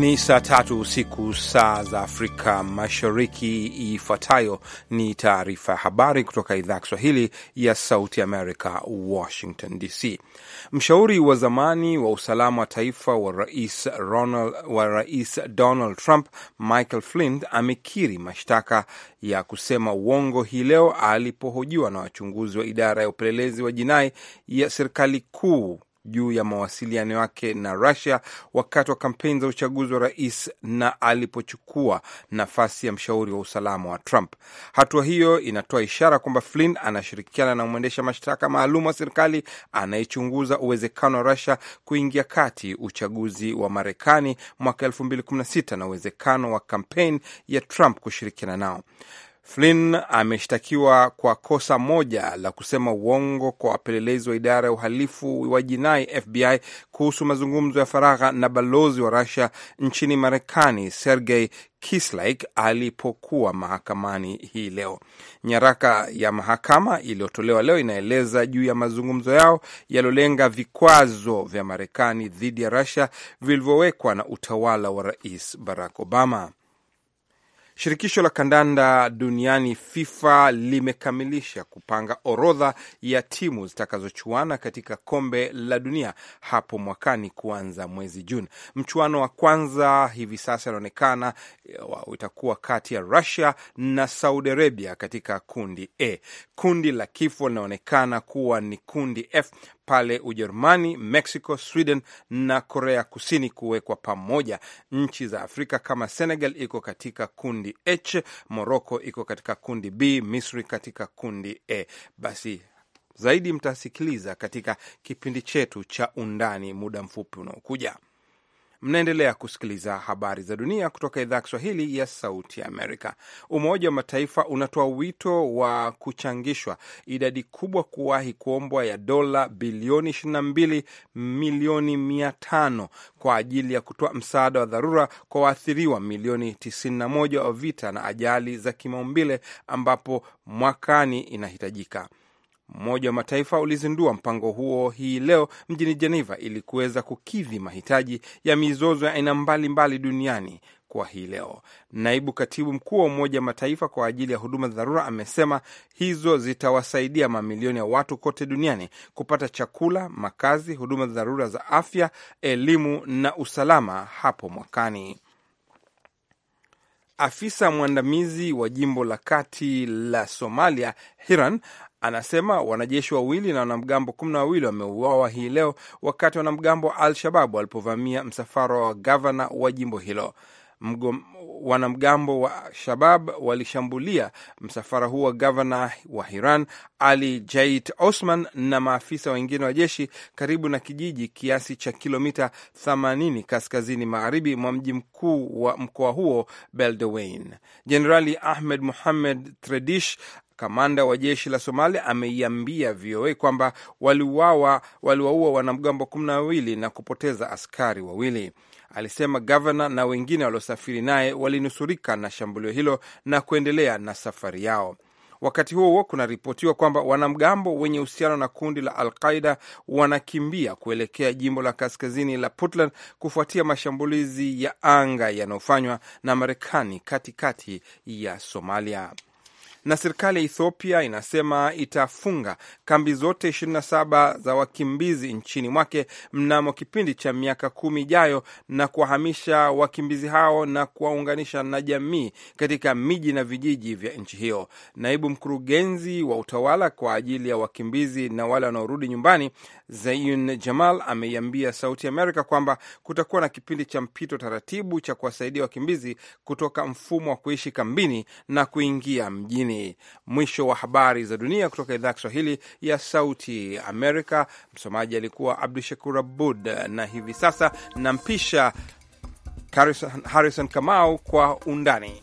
Ni saa tatu usiku saa za Afrika Mashariki. Ifuatayo ni taarifa ya habari kutoka idhaa ya Kiswahili ya Sauti Amerika, Washington DC. Mshauri wa zamani wa usalama wa taifa wa rais, Ronald, wa rais Donald Trump Michael flint amekiri mashtaka ya kusema uongo hii leo alipohojiwa na wachunguzi wa idara ya upelelezi wa jinai ya serikali kuu juu ya mawasiliano yake na Russia wakati wa kampeni za uchaguzi wa rais na alipochukua nafasi ya mshauri wa usalama wa Trump. Hatua hiyo inatoa ishara kwamba Flynn anashirikiana na mwendesha mashtaka maalum wa serikali anayechunguza uwezekano wa Russia kuingia kati uchaguzi wa Marekani mwaka 2016 na uwezekano wa kampeni ya Trump kushirikiana nao. Flynn ameshtakiwa kwa kosa moja la kusema uongo kwa wapelelezi wa idara ya uhalifu wa jinai FBI kuhusu mazungumzo ya faragha na balozi wa rasia nchini Marekani Sergei Kislyak alipokuwa mahakamani hii leo. Nyaraka ya mahakama iliyotolewa leo inaeleza juu ya mazungumzo yao yaliyolenga vikwazo vya Marekani dhidi ya rasia vilivyowekwa na utawala wa Rais Barack Obama. Shirikisho la kandanda duniani FIFA limekamilisha kupanga orodha ya timu zitakazochuana katika kombe la dunia hapo mwakani kuanza mwezi Juni. Mchuano wa kwanza hivi sasa inaonekana itakuwa eh, kati ya Russia na Saudi Arabia katika kundi A. Kundi la kifo linaonekana kuwa ni kundi F pale Ujerumani, Mexico, Sweden na Korea Kusini kuwekwa pamoja. Nchi za Afrika kama Senegal iko katika kundi H, Morocco iko katika kundi B, Misri katika kundi E. Basi zaidi mtasikiliza katika kipindi chetu cha Undani muda mfupi unaokuja. Mnaendelea kusikiliza habari za dunia kutoka idhaa ya Kiswahili ya Sauti ya Amerika. Umoja wa Mataifa unatoa wito wa kuchangishwa idadi kubwa kuwahi kuombwa ya dola bilioni 22 milioni 500 kwa ajili ya kutoa msaada wa dharura kwa waathiriwa milioni 91 wa vita na ajali za kimaumbile ambapo mwakani inahitajika. Umoja wa Mataifa ulizindua mpango huo hii leo mjini Jeneva ili kuweza kukidhi mahitaji ya mizozo ya aina mbalimbali duniani. Kwa hii leo, naibu katibu mkuu wa Umoja wa Mataifa kwa ajili ya huduma za dharura amesema hizo zitawasaidia mamilioni ya watu kote duniani kupata chakula, makazi, huduma za dharura za afya, elimu na usalama hapo mwakani. Afisa mwandamizi wa jimbo la kati la Somalia Hiran Anasema wanajeshi wawili na wanamgambo kumi na wawili wameuawa hii leo wakati wanamgambo wa Al-Shababu walipovamia msafara wa gavana wa jimbo hilo. Mgom, wanamgambo wa Shabab walishambulia msafara huo wa gavana wa Hiran Ali Jait Osman na maafisa wengine wa jeshi karibu na kijiji kiasi cha kilomita 80 kaskazini magharibi mwa mji mkuu wa mkoa huo Beldowain. Jenerali Ahmed Muhamed Tredish Kamanda wa jeshi la Somalia ameiambia VOA kwamba waliwaua wanamgambo kumi na wawili na kupoteza askari wawili. Alisema gavana na wengine waliosafiri naye walinusurika na shambulio hilo na kuendelea na safari yao. Wakati huo huo, kunaripotiwa kwamba wanamgambo wenye uhusiano na kundi la Alqaida wanakimbia kuelekea jimbo la kaskazini la Puntland kufuatia mashambulizi ya anga yanayofanywa na Marekani katikati ya Somalia na serikali ya Ethiopia inasema itafunga kambi zote 27 za wakimbizi nchini mwake mnamo kipindi cha miaka kumi ijayo na kuwahamisha wakimbizi hao na kuwaunganisha na jamii katika miji na vijiji vya nchi hiyo. Naibu mkurugenzi wa utawala kwa ajili ya wakimbizi na wale wanaorudi nyumbani Zayun Jamal ameiambia Sauti Amerika kwamba kutakuwa na kipindi cha mpito taratibu cha kuwasaidia wakimbizi kutoka mfumo wa kuishi kambini na kuingia mjini. Mwisho wa habari za dunia kutoka idhaa ya Kiswahili ya Sauti Amerika. Msomaji alikuwa Abdu Shakur Abud, na hivi sasa nampisha Harrison Kamau kwa undani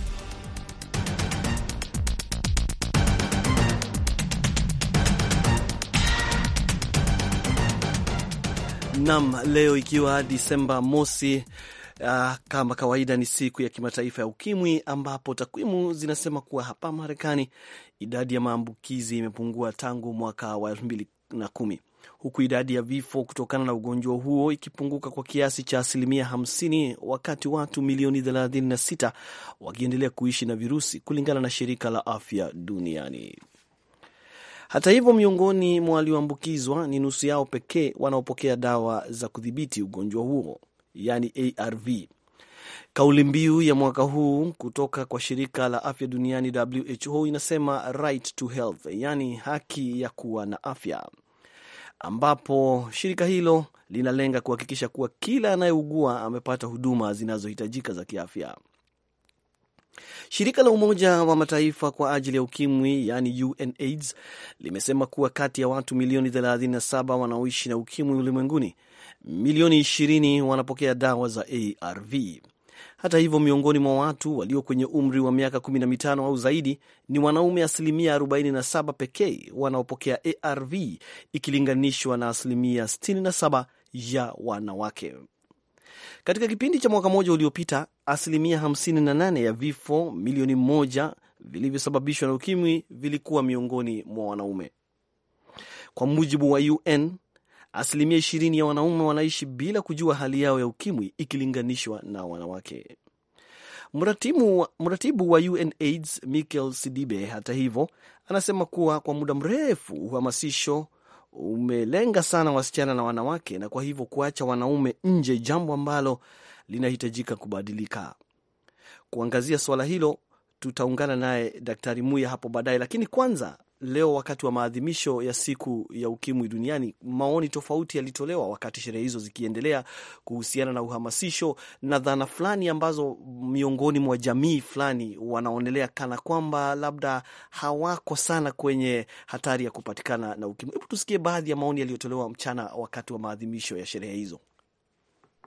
Nam, leo ikiwa Disemba mosi, uh, kama kawaida ni siku ya kimataifa ya ukimwi, ambapo takwimu zinasema kuwa hapa Marekani idadi ya maambukizi imepungua tangu mwaka wa elfu mbili na kumi huku idadi ya vifo kutokana na ugonjwa huo ikipunguka kwa kiasi cha asilimia 50 wakati watu milioni 36 wakiendelea kuishi na virusi kulingana na shirika la afya duniani. Hata hivyo, miongoni mwa walioambukizwa ni nusu yao pekee wanaopokea dawa za kudhibiti ugonjwa huo, yani ARV. Kauli mbiu ya mwaka huu kutoka kwa shirika la afya duniani WHO inasema right to health, yani haki ya kuwa na afya, ambapo shirika hilo linalenga kuhakikisha kuwa kila anayeugua amepata huduma zinazohitajika za kiafya. Shirika la Umoja wa Mataifa kwa ajili ya ukimwi yani UNAIDS limesema kuwa kati ya watu milioni 37 wanaoishi na ukimwi ulimwenguni, milioni 20 wanapokea dawa za ARV. Hata hivyo, miongoni mwa watu walio kwenye umri wa miaka 15 au zaidi ni wanaume asilimia 47 pekee wanaopokea ARV ikilinganishwa na asilimia 67 ya wanawake. Katika kipindi cha mwaka mmoja uliopita, asilimia 58 ya vifo milioni moja vilivyosababishwa na ukimwi vilikuwa miongoni mwa wanaume, kwa mujibu wa UN. Asilimia 20 ya wanaume wanaishi bila kujua hali yao ya ukimwi ikilinganishwa na wanawake. Mratibu, mratibu wa UNAIDS Michael Sidibe, hata hivyo, anasema kuwa kwa muda mrefu uhamasisho umelenga sana wasichana na wanawake, na kwa hivyo kuacha wanaume nje, jambo ambalo linahitajika kubadilika. Kuangazia suala hilo tutaungana naye Daktari Muya hapo baadaye, lakini kwanza leo wakati wa maadhimisho ya siku ya ukimwi duniani, maoni tofauti yalitolewa wakati sherehe hizo zikiendelea kuhusiana na uhamasisho na dhana fulani ambazo miongoni mwa jamii fulani wanaonelea kana kwamba labda hawako sana kwenye hatari ya kupatikana na ukimwi. Hebu tusikie baadhi ya maoni yaliyotolewa mchana wakati wa maadhimisho ya sherehe hizo.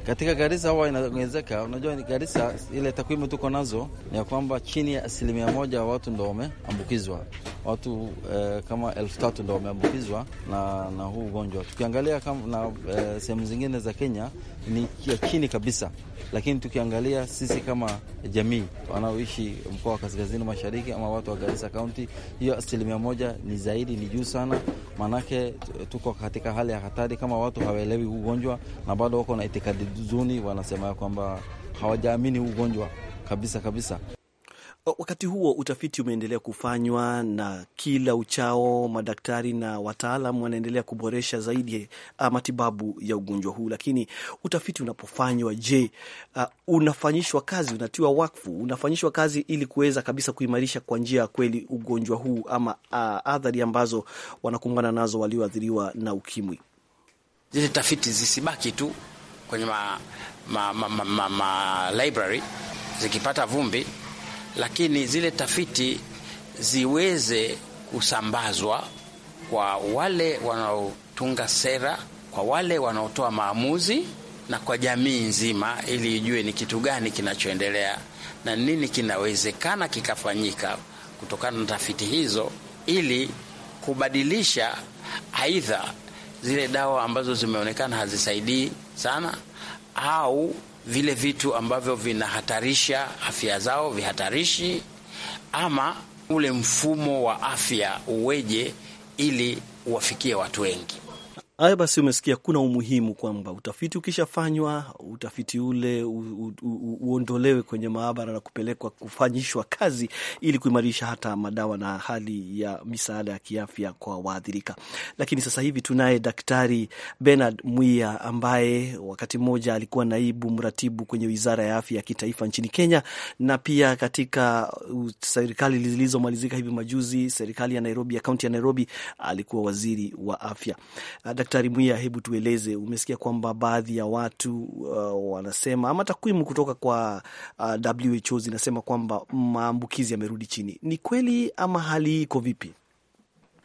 Katika Garissa huwa inaongezeka. Unajua, Garissa ile takwimu tuko nazo ni ya kwamba chini ya asilimia moja wa watu ndo wameambukizwa watu eh, kama elfu tatu ndo wameambukizwa na, na huu ugonjwa. Tukiangalia kama na eh, sehemu zingine za Kenya ni ya chini kabisa, lakini tukiangalia sisi kama jamii wanaoishi mkoa wa kaskazini mashariki ama watu wa Garissa kaunti hiyo asilimia moja ni zaidi, ni juu sana, maanake tuko katika hali ya hatari. Kama watu hawaelewi ugonjwa na bado wako na itikadi zuni, wanasema ya kwamba hawajaamini ugonjwa kabisa kabisa. Wakati huo utafiti umeendelea kufanywa na kila uchao madaktari na wataalam wanaendelea kuboresha zaidi uh, matibabu ya ugonjwa huu. Lakini utafiti unapofanywa, je, uh, unafanyishwa kazi, unatiwa wakfu, unafanyishwa kazi ili kuweza kabisa kuimarisha kwa njia ya kweli ugonjwa huu ama uh, athari ambazo wanakumbana nazo walioathiriwa na ukimwi, zile tafiti zisibaki tu kwenye ma, ma, ma, ma, ma, ma library zikipata vumbi lakini zile tafiti ziweze kusambazwa kwa wale wanaotunga sera, kwa wale wanaotoa maamuzi na kwa jamii nzima, ili ijue ni kitu gani kinachoendelea na nini kinawezekana kikafanyika kutokana na tafiti hizo, ili kubadilisha aidha zile dawa ambazo zimeonekana hazisaidii sana au vile vitu ambavyo vinahatarisha afya zao, vihatarishi ama ule mfumo wa afya uweje ili uwafikie watu wengi. Haya basi, umesikia kuna umuhimu kwamba utafiti ukishafanywa, utafiti ule u, u, uondolewe kwenye maabara na kupelekwa kufanyishwa kazi ili kuimarisha hata madawa na hali ya misaada ya kiafya kwa waathirika. Lakini sasa hivi tunaye Daktari Bernard Mwia ambaye wakati mmoja alikuwa naibu mratibu kwenye Wizara ya Afya ya Kitaifa nchini Kenya na pia katika serikali zilizomalizika hivi majuzi, serikali ya Nairobi ya kaunti ya Nairobi, alikuwa waziri wa afya. Daktari Daktari Mwia, hebu tueleze, umesikia kwamba baadhi ya watu uh, wanasema ama takwimu kutoka kwa uh, WHO zinasema kwamba maambukizi yamerudi chini. Ni kweli ama hali iko vipi?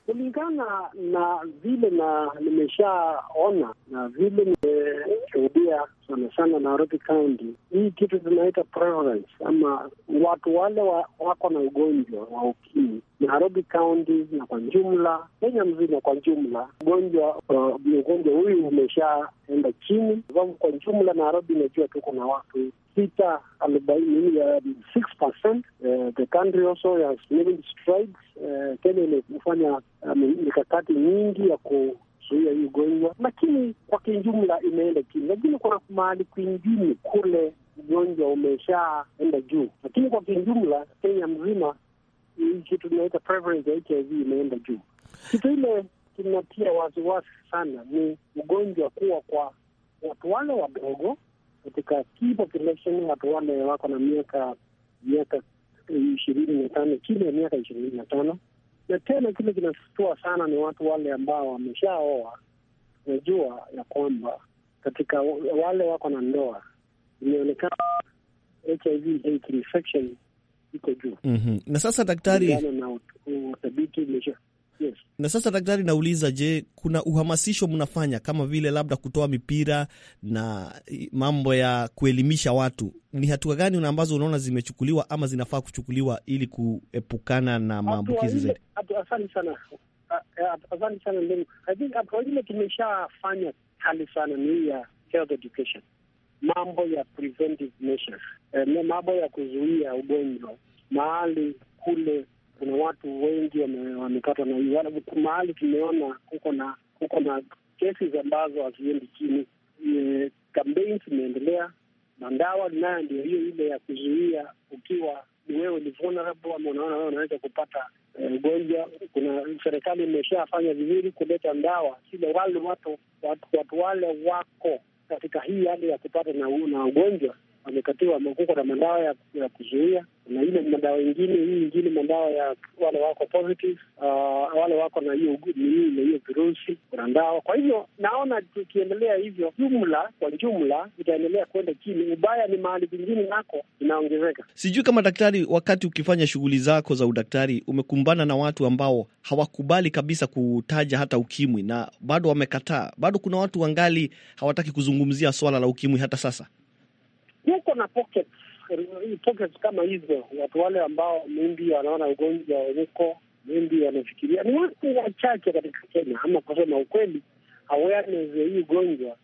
Kulingana na vile na nimeshaona na vile nimeshuhudia sana sana Nairobi County. Hii kitu tunaita prevalence ama watu wale wa, wako na ugonjwa wa ukimwi Nairobi County na kwa jumla Kenya mzima kwa jumla, ugonjwa uh, ugonjwa huyu umeshaenda chini, kwa sababu kwa jumla Nairobi inajua tuko na watu sita arobaini six percent. Eh, the country also has strides. Eh, Kenya imefanya mikakati nyingi ya ku kuzuia hii ugonjwa, lakini kwa kijumla imeenda chini, lakini kuna mahali kwingine kule ugonjwa umeshaenda juu, lakini kwa kijumla Kenya mzima hii kitu tunaita prevalence ya HIV imeenda juu. Kitu ile kinatia wasiwasi sana ni ugonjwa kuwa kwa watu wale wadogo katika key population, watu wale wako na miaka miaka ishirini na tano chini ya miaka ishirini na tano na tena kile kinashutua sana ni watu wale ambao wameshaoa, unajua ya kwamba katika wale wako na ndoa imeonekana HIV infection iko juu. mm -hmm. Na sasa daktari, uthabiti umesha yes. Na sasa daktari, nauliza, je, kuna uhamasisho mnafanya kama vile labda kutoa mipira na mambo ya kuelimisha watu? Ni hatua gani ambazo unaona zimechukuliwa ama zinafaa kuchukuliwa ili kuepukana na maambukizi zaidi? Asante sana, asante sana ndugu. Hatua ile tumeshafanya kali sana ni ya health education, mambo ya preventive measures, eh, mambo ya kuzuia ugonjwa mahali kule kuna watu wengi wamekatwa na hii wala mahali tumeona kuko na na kesi ambazo haziendi chini. E, kampeni zimeendelea na ndawa nayo ndio hiyo ile ya kuzuia, ukiwa ni wewe ni vulnerable ama unaona wewe unaweza kupata eh, ugonjwa. E, kuna serikali imeshafanya vizuri kuleta ndawa sile, wale watu watu wale wako katika hii hali ya kupata na ugonjwa wamekatiwa, wamekuko na madawa ya, ya kuzuia na ile madawa ingine, hii ingine madawa ya wale wako positive, uh, wale wako na hiyo na hiyo virusi, kuna dawa. Kwa hivyo naona tukiendelea hivyo, jumla kwa jumla itaendelea kwenda chini. Ubaya ni mahali vingine nako inaongezeka. Sijui kama daktari, wakati ukifanya shughuli zako za udaktari, umekumbana na watu ambao hawakubali kabisa kutaja hata ukimwi na bado wamekataa, bado kuna watu wangali hawataki kuzungumzia swala la ukimwi hata sasa tuko na pockets, pockets kama hizo. Watu wale ambao mimbi wanaona ugonjwa uko mimbi, wanafikiria ni watu wachache katika Kenya, ama kusema ukweli, awareness ya hii ugonjwa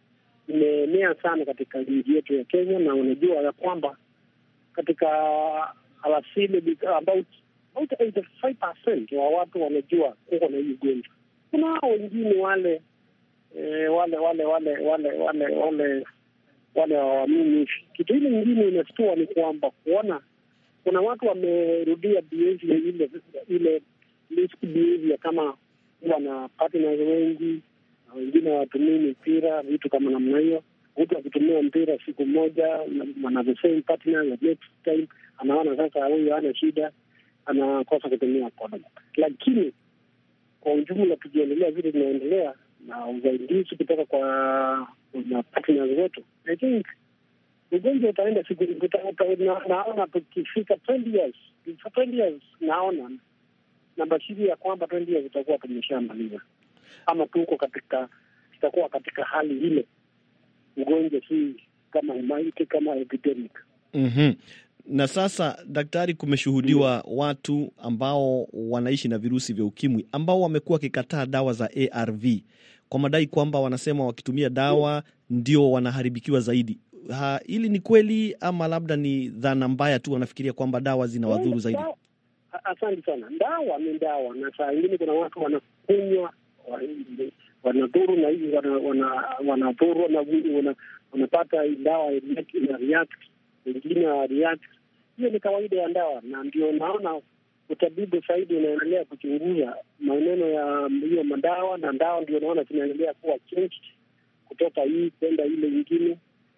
imeenea sana katika nchi yetu ya Kenya, na unajua ya kwamba katika alasili about 85% wa watu wanajua kuko na hii ugonjwa. Kuna wengine eh, wale wale wale wale wale wale wale wale hawaamini. Kitu hili ingine imeshtua ni kwamba kuona kuna watu wamerudia behavior ile ile risk behavior, kama huwa na partners wengi na wengine hawatumii mipira, vitu kama namna hiyo. Mtu akitumia mpira siku moja, wanavosame partner next time, anaona sasa huyo ana shida, anakosa kutumia kondomu. Lakini kwa ujumla, tukiendelea vile tunaendelea na uzaidizi kutoka kwa na partners wetu, I think ugonjwa utaenda siku, naona tukifika twenty years, twenty years naona nambashiri ya kwamba twenty years itakuwa tumeshamaliza ama tuko katika, tutakuwa katika hali ile, ugonjwa si kama maiti kama epidemic. mm -hmm. Na sasa daktari, kumeshuhudiwa mm watu ambao wanaishi na virusi vya ukimwi ambao wamekuwa wakikataa dawa za ARV kwa madai kwamba wanasema wakitumia dawa ndio wanaharibikiwa zaidi. Ha, hili ni kweli ama labda ni dhana mbaya tu, wanafikiria kwamba dawa zinawadhuru zaidi? Asante sana. Dawa ni dawa, na saa ingine kuna watu wanakunywa wanadhuru na hizi wanadhuru na mwili wanapata dawa ya react, wengine wa react. Hiyo ni kawaida ya dawa, na ndio naona utabibu zaidi unaendelea kuchunguza maneno ya hiyo madawa, na ndawa ndio unaona zinaendelea kuwa changed kutoka hii kwenda ile ingine.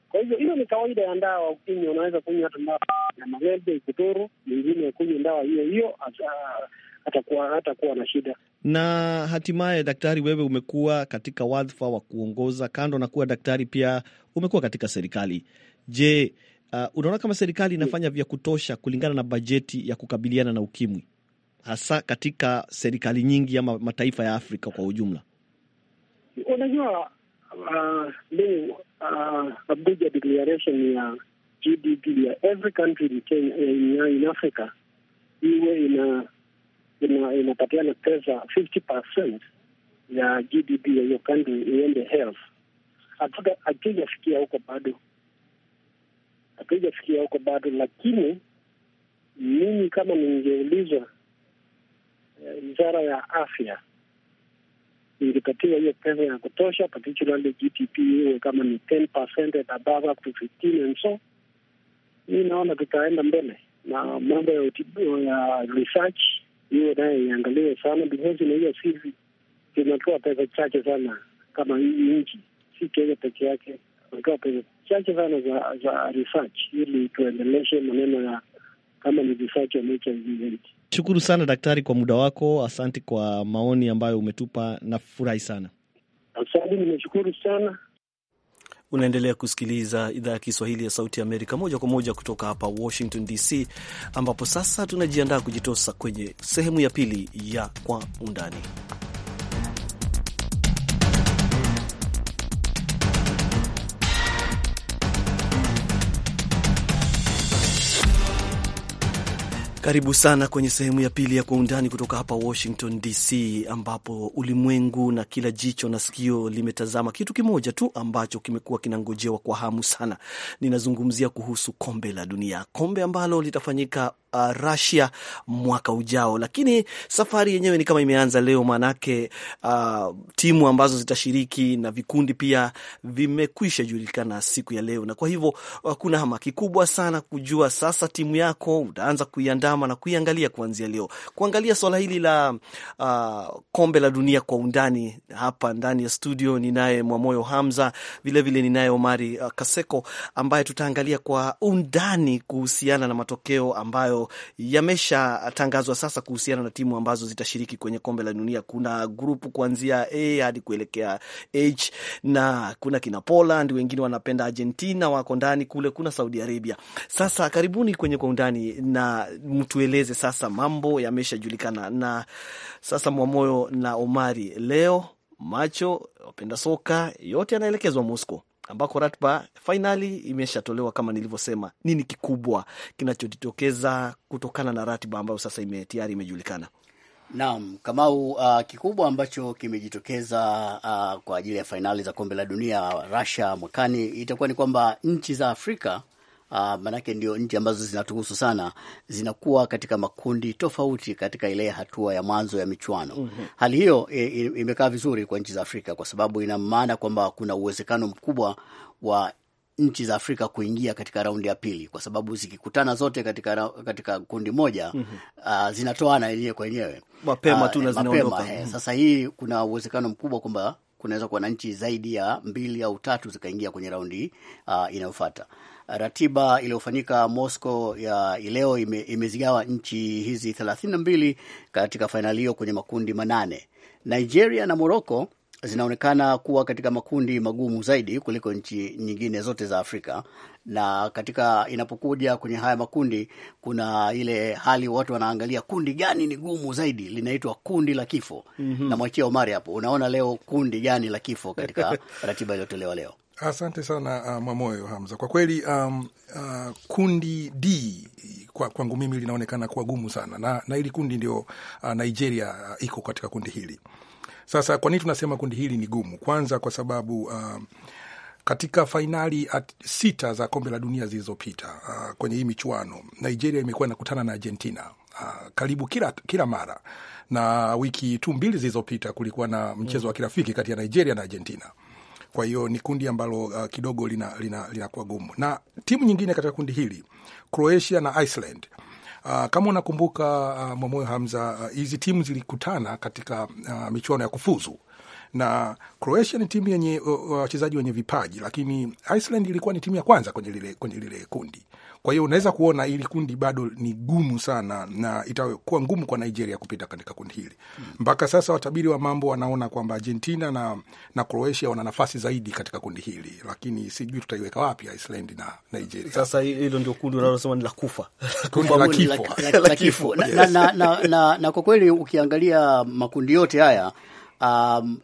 Kwa hivyo hiyo ni kawaida ya ndawa. Ukinywa unaweza kunywa hata ndawa ya malaria ikutoro, mingine kunywa ndawa hiyo hiyo hatakuwa kuwa na shida. Na hatimaye, daktari, wewe umekuwa katika wadhifa wa kuongoza, kando na kuwa daktari, pia umekuwa katika serikali. Je, uh, unaona kama serikali mm. inafanya vya kutosha kulingana na bajeti ya kukabiliana na ukimwi hasa katika serikali nyingi ama mataifa ya Afrika kwa ujumla? Unajua uh, leo Abuja uh, declaration ya GDP ya every country in Kenya, in Africa iwe ina inapatiana pesa 50% ya GDP ya hiyo country iende health. Hatujafikia huko bado hatujafikia huko bado, lakini mimi kama ningeulizwa eh, wizara ya afya ingepatiwa hiyo pesa ya kutosha, particularly GDP iwe kama ni 10% and above up to 15 and so, mi naona tutaenda mbele na mambo ya utibu, ya research hiyo naye iangaliwe sana, because na hiyo sisi tunatoa pesa chache sana kama hii nchi, si Kenya peke yake, tunatoa pesa chache sana za za research ili tuendeleshe maneno ya kama ni research ya HIV. Shukuru sana daktari kwa muda wako, asante kwa maoni ambayo umetupa na furahi sana. Asante, nimeshukuru sana. Unaendelea kusikiliza idhaa ya Kiswahili ya Sauti ya Amerika moja kwa moja kutoka hapa Washington DC, ambapo sasa tunajiandaa kujitosa kwenye sehemu ya pili ya Kwa Undani. Karibu sana kwenye sehemu ya pili ya Kwa Undani kutoka hapa Washington DC, ambapo ulimwengu na kila jicho na sikio limetazama kitu kimoja tu ambacho kimekuwa kinangojewa kwa hamu sana. Ninazungumzia kuhusu kombe la dunia, kombe ambalo litafanyika uh, Russia mwaka ujao, lakini safari yenyewe ni kama imeanza leo, maanake uh, timu ambazo zitashiriki na vikundi pia vimekwisha julikana siku ya leo, na kwa hivyo uh, kuna hamaki kubwa sana kujua sasa timu yako utaanza kuiandama na kuiangalia kuanzia leo, kuangalia swala hili la uh, kombe la dunia kwa undani. Hapa ndani ya studio ninaye Mwamoyo Hamza, vilevile ninaye Omari uh, Kaseko ambaye tutaangalia kwa undani kuhusiana na matokeo ambayo yameshatangazwa sasa kuhusiana na timu ambazo zitashiriki kwenye kombe la dunia. Kuna grupu kuanzia A hadi kuelekea H na kuna kina Poland, wengine wanapenda Argentina, wako ndani kule, kuna Saudi Arabia. Sasa karibuni kwenye kwa undani na mtueleze sasa, mambo yameshajulikana na sasa Mwamoyo na Omari, leo macho wapenda soka yote yanaelekezwa Moscow ambako ratiba fainali imeshatolewa kama nilivyosema. Nini kikubwa kinachojitokeza kutokana na ratiba ambayo sasa ime tayari imejulikana? Naam, Kamau, uh, kikubwa ambacho kimejitokeza uh, kwa ajili ya fainali za kombe la dunia Russia mwakani itakuwa ni kwamba nchi za Afrika uh, ah, maanake ndio nchi ambazo zinatuhusu sana zinakuwa katika makundi tofauti katika ile hatua ya mwanzo ya michuano. mm -hmm. Hali hiyo e, e, imekaa vizuri kwa nchi za Afrika kwa sababu ina maana kwamba kuna uwezekano mkubwa wa nchi za Afrika kuingia katika raundi ya pili kwa sababu zikikutana zote katika, katika kundi moja mm -hmm. uh, zinatoana yenyewe kwa yenyewe mapema tu ah, na zinaondoka. Eh, mhm. Sasa hii kuna uwezekano mkubwa kwamba kunaweza kuwa na nchi zaidi ya mbili au tatu zikaingia kwenye raundi uh, inayofuata. Ratiba iliyofanyika Moscow ya ileo ime, imezigawa nchi hizi thelathini na mbili katika fainali hiyo kwenye makundi manane. Nigeria na Morocco zinaonekana kuwa katika makundi magumu zaidi kuliko nchi nyingine zote za Afrika. Na katika inapokuja kwenye haya makundi, kuna ile hali watu wanaangalia kundi gani ni gumu zaidi, linaitwa kundi la kifo. mm -hmm. Namwachia Omari hapo, unaona leo kundi gani la kifo katika ratiba iliyotolewa leo? Asante sana uh, Mwamoyo Hamza, kwa kweli um, uh, kundi D kwa, kwangu mimi linaonekana kuwa gumu sana na, na hili kundi ndio uh, Nigeria uh, iko katika kundi hili sasa kwa nini tunasema kundi hili ni gumu? Kwanza kwa sababu uh, katika fainali sita za kombe la dunia zilizopita uh, kwenye hii michuano Nigeria imekuwa inakutana na Argentina uh, karibu kila, kila mara na wiki tu mbili zilizopita kulikuwa na mchezo wa mm. kirafiki kati ya Nigeria na Argentina. Kwa hiyo ni kundi ambalo uh, kidogo linakuwa lina, lina gumu, na timu nyingine katika kundi hili Croatia na Iceland Uh, kama unakumbuka uh, Mwamoyo Hamza, ah, hizi uh, timu zilikutana katika uh, michuano ya kufuzu na Croatia ni timu yenye wachezaji uh, wenye vipaji, lakini Iceland ilikuwa ni timu ya kwanza kwenye lile, kwenye lile kundi kwa hiyo unaweza kuona hili kundi bado ni gumu sana, na itakuwa ngumu kwa Nigeria kupita katika kundi hili hmm. mpaka mm. Sasa watabiri wa mambo wanaona kwamba Argentina na, na Croatia wana nafasi zaidi katika kundi hili, lakini sijui tutaiweka wapi Iceland na Nigeria. Sasa hilo ndio kundi unalosema ni la kufa, la kifo na kwa kweli ukiangalia makundi yote haya um,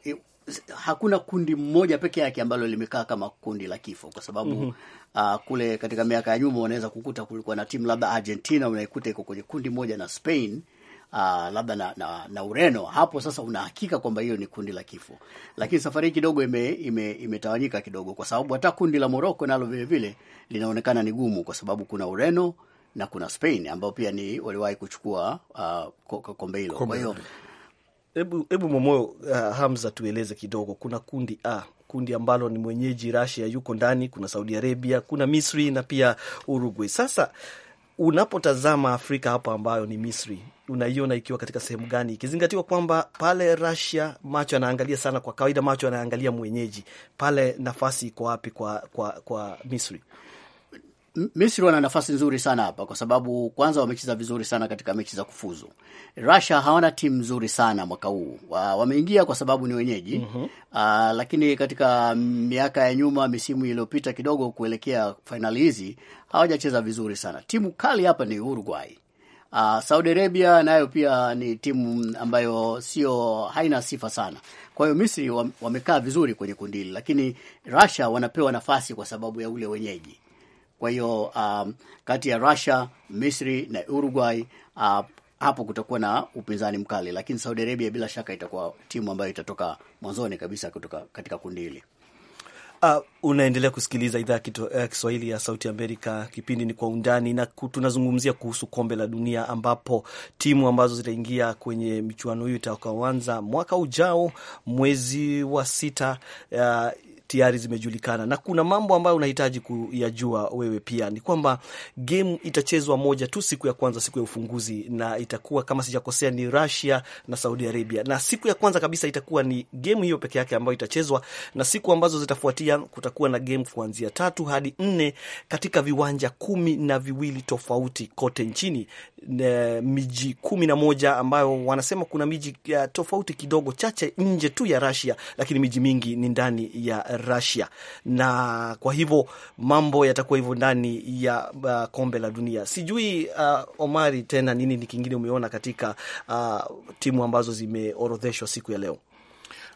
hakuna kundi mmoja peke yake ambalo limekaa kama kundi la kifo, kwa sababu mm -hmm. uh, kule katika miaka ya nyuma unaweza kukuta kulikuwa na timu labda Argentina unaikuta iko kwenye kundi moja na Spain uh, labda na, na, na Ureno. Hapo sasa unahakika kwamba hiyo ni kundi la kifo, lakini safari hii kidogo ime, ime, imetawanyika kidogo, kwa sababu hata kundi la Morocco nalo vile vile linaonekana ni gumu, kwa sababu kuna Ureno na kuna Spain ambao pia ni waliwahi kuchukua uh, kombe hilo. Kwa hiyo Hebu hebu Momoyo uh, Hamza, tueleze kidogo. Kuna kundi A, kundi ambalo ni mwenyeji Russia yuko ndani, kuna Saudi Arabia, kuna Misri na pia Uruguay. Sasa unapotazama Afrika hapa ambayo ni Misri, unaiona ikiwa katika sehemu gani, ikizingatiwa kwamba pale Russia macho yanaangalia sana, kwa kawaida macho yanaangalia mwenyeji pale, nafasi iko wapi kwa, kwa, kwa Misri? Misri wana nafasi nzuri sana hapa, kwa sababu kwanza wamecheza vizuri sana katika mechi za kufuzu. Russia hawana timu nzuri sana mwaka huu, wameingia kwa sababu ni wenyeji mm -hmm. Aa, ah, lakini katika miaka ya nyuma, misimu iliyopita kidogo, kuelekea fainali hizi hawajacheza vizuri sana. Timu kali hapa ni Uruguay. Uh, Saudi Arabia nayo pia ni timu ambayo sio haina sifa sana. Kwa hiyo Misri wamekaa vizuri kwenye kundi hili, lakini Russia wanapewa nafasi kwa sababu ya ule wenyeji. Kwa hiyo um, kati ya Russia, Misri na Uruguay uh, hapo kutakuwa na upinzani mkali, lakini Saudi Arabia bila shaka itakuwa timu ambayo itatoka mwanzoni kabisa kutoka katika kundi hili. Uh, unaendelea kusikiliza idhaa ya eh, Kiswahili ya Sauti Amerika. Kipindi ni Kwa Undani na tunazungumzia kuhusu kombe la dunia, ambapo timu ambazo zitaingia kwenye michuano hiyo itakaoanza mwaka ujao mwezi wa sita uh, tayari zimejulikana, na kuna mambo ambayo unahitaji kuyajua wewe pia. Ni kwamba game itachezwa moja tu siku ya kwanza, siku ya ufunguzi, na itakuwa kama sijakosea ni Russia na Saudi Arabia, na siku ya kwanza kabisa itakuwa ni game hiyo peke yake ambayo itachezwa, na siku ambazo zitafuatia kutakuwa na game kuanzia tatu hadi nne katika viwanja kumi na viwili tofauti kote nchini, miji kumi na moja ambayo wanasema kuna miji eh, tofauti kidogo chache nje tu ya Russia, lakini miji mingi ni ndani ya Russia, na kwa hivyo mambo yatakuwa hivyo ndani ya uh, kombe la dunia. Sijui uh, Omari, tena nini ni kingine umeona katika uh, timu ambazo zimeorodheshwa siku ya leo?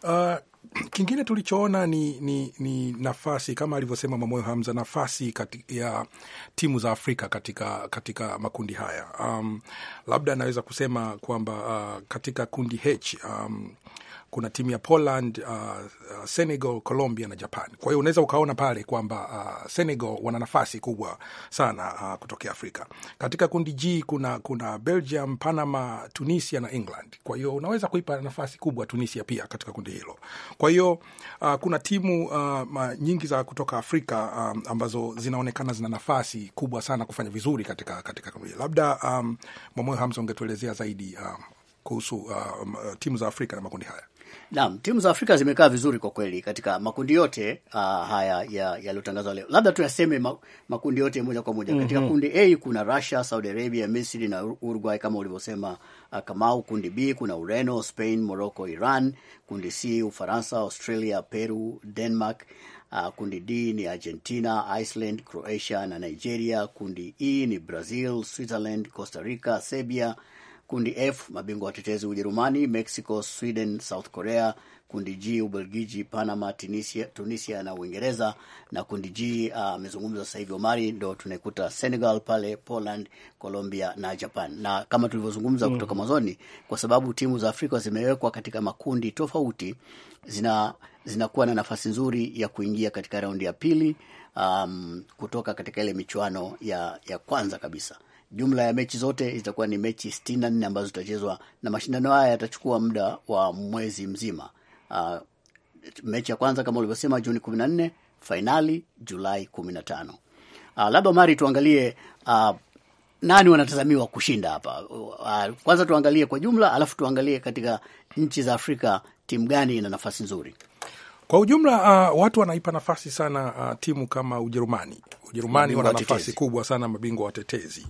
Uh, kingine tulichoona ni, ni, ni nafasi kama alivyosema Mamoyo Hamza, nafasi kati ya timu za Afrika katika, katika makundi haya um, labda anaweza kusema kwamba uh, katika kundi H um, kuna timu ya Poland, uh, uh, Senegal, Colombia na Japan. Kwa hiyo unaweza ukaona pale kwamba uh, Senegal wana nafasi kubwa sana uh, kutokea Afrika. Katika kundi G kuna, kuna Belgium, Panama, Tunisia na England. Kwa hiyo unaweza kuipa nafasi kubwa Tunisia pia katika kundi hilo. Kwa hiyo uh, kuna timu uh, nyingi za kutoka Afrika um, ambazo zinaonekana zina nafasi kubwa sana kufanya vizuri katika, katika kundi Labda um, Mwamoyo Hamza ungetuelezea zaidi um, kuhusu uh, timu za Afrika na makundi haya. Naam, timu za Afrika zimekaa vizuri kwa kweli katika makundi yote uh, haya yaliyotangazwa ya leo. Labda tuyaseme makundi yote moja kwa moja. Katika mm -hmm. kundi A kuna Russia, Saudi Arabia, Misri na Uruguay kama ulivyosema uh, Kamau. Kundi B kuna Ureno, Spain, Morocco, Iran. Kundi C Ufaransa, Australia, Peru, Denmark. Uh, kundi D ni Argentina, Iceland, Croatia na Nigeria. Kundi E ni Brazil, Switzerland, Costa Rica, Serbia Kundi F mabingwa watetezi Ujerumani, Mexico, Sweden, South Korea. Kundi G Ubelgiji, Panama, Tunisia, Tunisia na Uingereza. Na kundi G ah, amezungumza uh, sasa hivi Omari, ndo tunaikuta Senegal pale, Poland, Colombia na Japan. Na kama tulivyozungumza mm, kutoka mwanzoni, kwa sababu timu za Afrika zimewekwa katika makundi tofauti, zina zinakuwa na nafasi nzuri ya kuingia katika raundi ya pili, um, kutoka katika ile michuano ya, ya kwanza kabisa. Jumla ya mechi zote zitakuwa ni mechi 64 nne ambazo zitachezwa na mashindano haya yatachukua muda wa mwezi mzima. Uh, mechi ya kwanza kama ulivyosema Juni kumi na nne, fainali Julai kumi na tano. Uh, labda Mari tuangalie uh, nani wanatazamiwa kushinda hapa. Uh, kwanza tuangalie kwa jumla, alafu tuangalie katika nchi za Afrika timu gani ina nafasi nzuri. Kwa ujumla uh, watu wanaipa nafasi sana uh, timu kama Ujerumani. Ujerumani wana nafasi kubwa sana, mabingwa watetezi.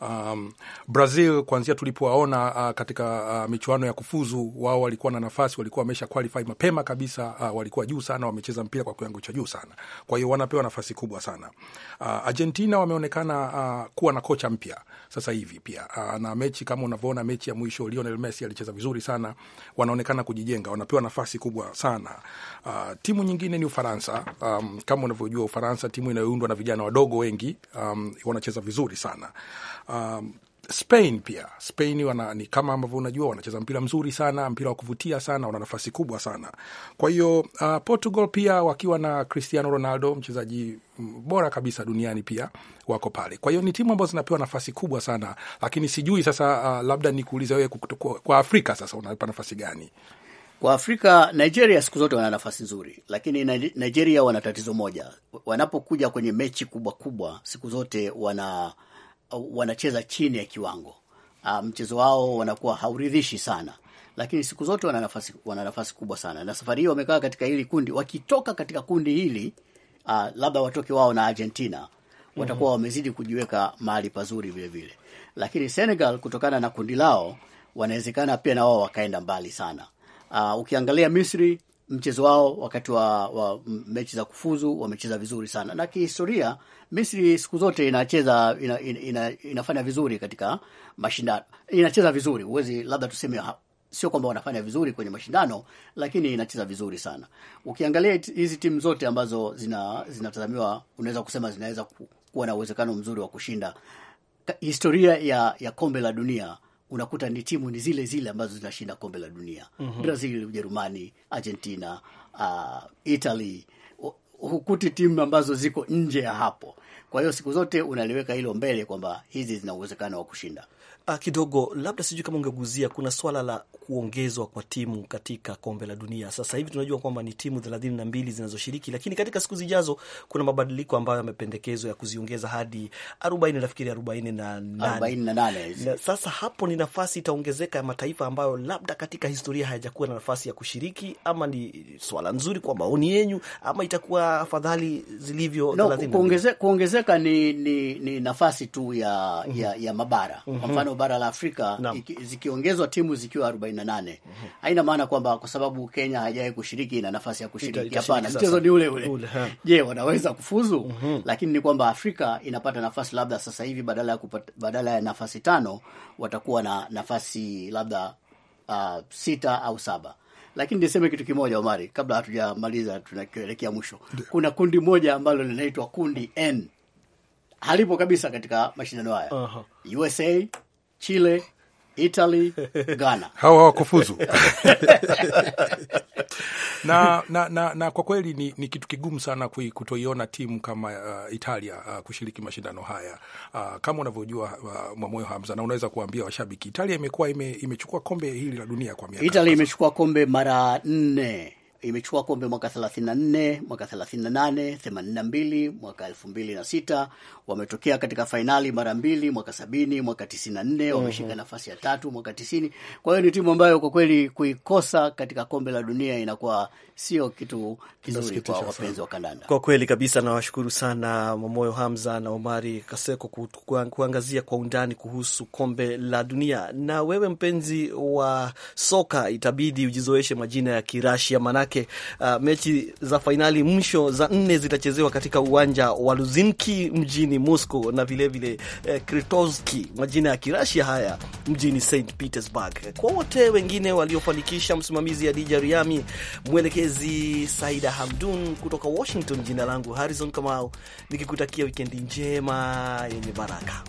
Um, Brazil kuanzia tulipowaona uh, katika uh, michuano ya kufuzu, wao walikuwa na nafasi, walikuwa wamesha qualify mapema kabisa. Uh, walikuwa juu sana, wamecheza mpira kwa kiwango cha juu sana, kwa hiyo wanapewa nafasi kubwa sana. Uh, Argentina wameonekana uh, kuwa na kocha mpya sasa hivi pia uh, na mechi kama unavyoona, mechi ya mwisho Lionel Messi alicheza vizuri sana, wanaonekana kujijenga, wanapewa nafasi kubwa sana uh, Uh, timu nyingine ni Ufaransa. Um, kama unavyojua Ufaransa timu inayoundwa na vijana wadogo wengi, um, wanacheza vizuri sana um, Spain pia Spain wana, ni kama ambavyo unajua wanacheza mpira mzuri sana, mpira wa kuvutia sana, wana nafasi kubwa sana. Kwa hiyo uh, Portugal pia wakiwa na Cristiano Ronaldo mchezaji bora kabisa duniani pia wako pale. Kwa hiyo ni timu ambazo zinapewa nafasi kubwa sana, lakini sijui sasa, uh, labda nikuuliza wewe kwa Afrika sasa unapa nafasi gani? Kwa Afrika, Nigeria siku zote wana nafasi nzuri, lakini Nigeria wana tatizo moja. Wanapokuja kwenye mechi kubwa kubwa, siku zote wana wanacheza chini ya kiwango, ah, mchezo wao wanakuwa hauridhishi sana, lakini siku zote wana nafasi, wana nafasi kubwa sana, na safari hii wamekaa katika hili kundi. Wakitoka katika kundi hili uh, labda watoke wao na Argentina watakuwa mhm. wamezidi kujiweka mahali pazuri vile vile, lakini Senegal kutokana na kundi lao wanawezekana pia na wao wakaenda mbali sana. Uh, ukiangalia Misri mchezo wao wakati wa, wa mechi za kufuzu wamecheza vizuri sana, na kihistoria Misri siku zote inacheza ina, ina, ina, inafanya vizuri katika mashindano, inacheza vizuri huwezi, labda tuseme sio kwamba wanafanya vizuri kwenye mashindano, lakini inacheza vizuri sana. Ukiangalia hizi timu zote ambazo zinatazamiwa zina, unaweza kusema zinaweza ku, kuwa na uwezekano mzuri wa kushinda historia ya, ya kombe la dunia unakuta ni timu ni zile zile ambazo zinashinda kombe la dunia mm -hmm. Brazil, Ujerumani, Argentina, uh, Italy hukuti timu ambazo ziko nje ya hapo. Kwa hiyo siku zote unaliweka hilo mbele kwamba hizi zina uwezekano wa kushinda. A, ah, kidogo labda sijui kama ungeguzia, kuna swala la kuongezwa kwa timu katika kombe la dunia. Sasa hivi tunajua kwamba ni timu thelathini na mbili zinazoshiriki, lakini katika siku zijazo kuna mabadiliko ambayo yamependekezwa ya kuziongeza hadi arobaini, nafikiri arobaini na nane. Sasa hapo ni nafasi itaongezeka ya mataifa ambayo labda katika historia hayajakuwa na nafasi ya kushiriki, ama ni swala nzuri kwa maoni yenyu, ama itakuwa afadhali zilivyo no, kuongezeka, kuongezeka ni, ni, ni nafasi tu ya, mm -hmm. ya, ya mabara mm -hmm. kwa mhm. mfano bara la Afrika zikiongezwa timu zikiwa arobaini na nane. Haina maana kwamba kwa sababu Kenya hajawahi kushiriki na nafasi ya kushiriki, hapana, mchezo ni ule ule. Je, wanaweza kufuzu? mm -hmm. Lakini ni kwamba Afrika inapata nafasi labda sasa hivi badala ya kupata, badala ya nafasi tano watakuwa na nafasi labda uh, sita au saba lakini niseme kitu kimoja Omari, kabla hatujamaliza, tunaelekea mwisho. Kuna kundi moja ambalo linaitwa kundi N, halipo kabisa katika mashindano haya. uh -huh. USA, Chile, Italy, Ghana hao hawakufuzu na, na, na, na kwa kweli ni, ni kitu kigumu sana kutoiona timu kama uh, Italia uh, kushiriki mashindano haya uh, kama unavyojua uh, Mwamoyo Hamza, na unaweza kuambia washabiki Italia imekuwa ime, imechukua kombe hili la dunia kwa miaka Italia imechukua kombe mara nne imechukua kombe mwaka 34, mwaka 38, 82, mwaka 2006, wametokea katika fainali mara mbili mwaka 70, mwaka 94, mhm. wameshika mm -hmm. nafasi ya tatu mwaka 90. Kwa hiyo ni timu ambayo kwa kweli kuikosa katika kombe la dunia inakuwa sio kitu kizuri kwa wapenzi wa kandanda. Kwa kweli kabisa, nawashukuru sana Momoyo Hamza na Omari Kaseko kuangazia kwa undani kuhusu kombe la dunia. Na wewe mpenzi wa soka, itabidi ujizoeshe majina ya Kirashia maana yake. Uh, mechi za fainali mwisho za nne zitachezewa katika uwanja wa Luzinki mjini Moscow na vilevile eh, Kritoski, majina ya Kirasia haya mjini St Petersburg. Kwa wote wengine waliofanikisha, msimamizi Adija Riami, mwelekezi Saida Hamdun kutoka Washington, jina langu Harrison Kamau nikikutakia wikendi njema yenye baraka.